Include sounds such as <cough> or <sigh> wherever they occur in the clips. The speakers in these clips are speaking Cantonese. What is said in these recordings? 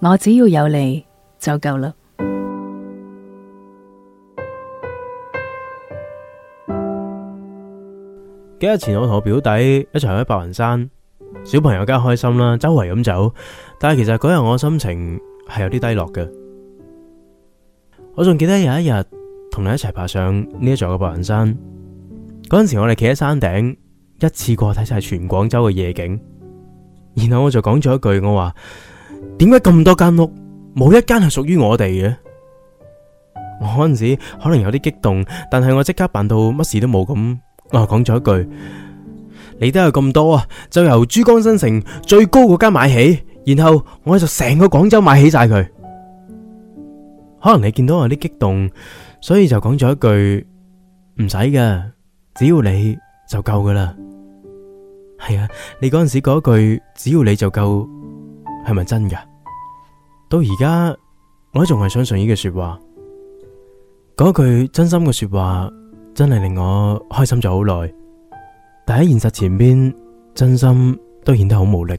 我只要有你就夠啦。幾日前我同我表弟一齊去白雲山，小朋友梗係開心啦，周圍咁走。但係其實嗰日我心情係有啲低落嘅。我仲記得有一日同你一齊爬上呢一座嘅白雲山，嗰陣時我哋企喺山頂，一次過睇晒全廣州嘅夜景。然後我就講咗一句，我話。點解咁多間屋冇一間係屬於我哋嘅？我嗰陣時可能有啲激動，但係我即刻扮到乜事都冇咁，我係講咗一句：你都有咁多啊，就由珠江新城最高嗰間買起，然後我就成個廣州買起晒佢。可能你見到我有啲激動，所以就講咗一句：唔使㗎，只要你就夠㗎啦。係啊，你嗰陣時嗰句，只要你就夠。係咪真㗎？到而家我都仲係相信呢句說話。嗰句真心嘅說話真係令我開心咗好耐。但喺現實前邊，真心都顯得好無力。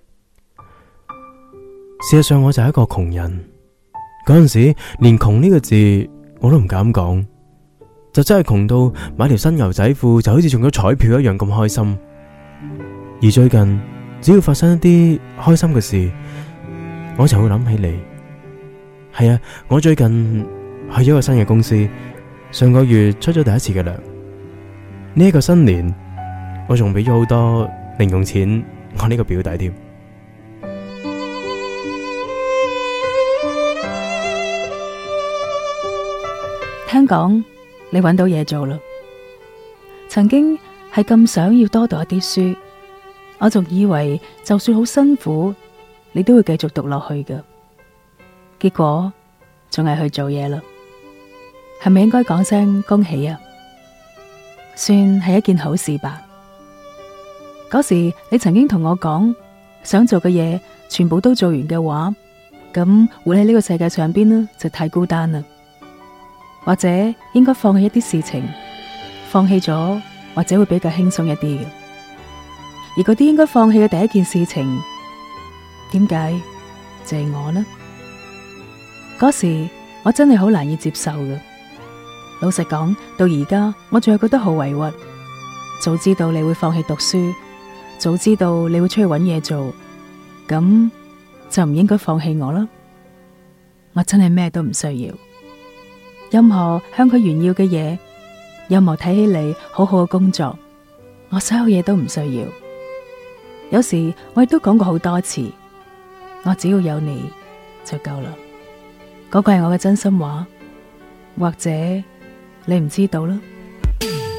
事實上，我就係一個窮人。嗰陣時連窮呢個字我都唔敢講，就真係窮到買條新牛仔褲就好似中咗彩票一樣咁開心。而最近，只要發生一啲開心嘅事。我就會諗起你，係啊！我最近去咗個新嘅公司，上個月出咗第一次嘅糧。呢、這、一個新年，我仲俾咗好多零用錢我呢個表弟添。聽講你搵到嘢做啦！曾經係咁想要多讀一啲書，我仲以為就算好辛苦。你都會繼續讀落去嘅，結果仲係去做嘢啦，係咪應該講聲恭喜啊？算係一件好事吧。嗰時你曾經同我講，想做嘅嘢全部都做完嘅話，咁會喺呢個世界上邊呢就太孤單啦。或者應該放棄一啲事情，放棄咗或者會比較輕鬆一啲嘅。而嗰啲應該放棄嘅第一件事情。點解？就係我啦。嗰時我真係好難以接受嘅。老實講，到而家我仲係覺得好委屈。早知道你會放棄讀書，早知道你會出去搵嘢做，咁就唔應該放棄我啦。我真係咩都唔需要，任何向佢炫耀嘅嘢，任何睇起你好好嘅工作，我所有嘢都唔需要。有時我亦都講過好多次。我只要有你就夠啦，嗰句係我嘅真心話，或者你唔知道啦。 <noise>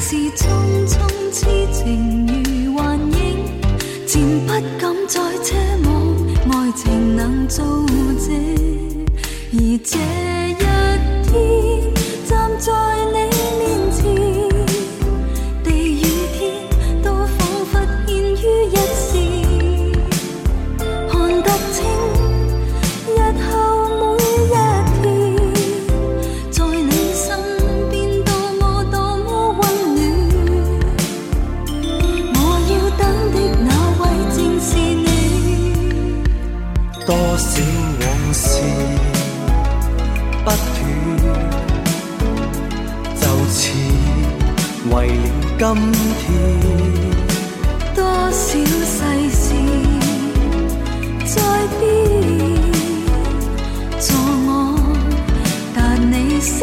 是匆匆，痴情如幻影，漸不敢再奢。不斷，就似為了今天。多少世事在變，做我但你心。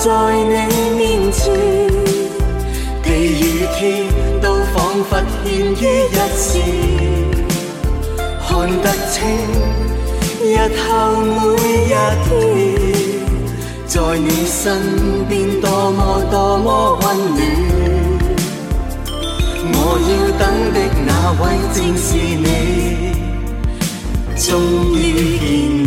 在你面前，地與天都仿佛欠於一線，看得清日後每一天，在你身邊多麼多麼温暖。我要等的那位正是你，終於見。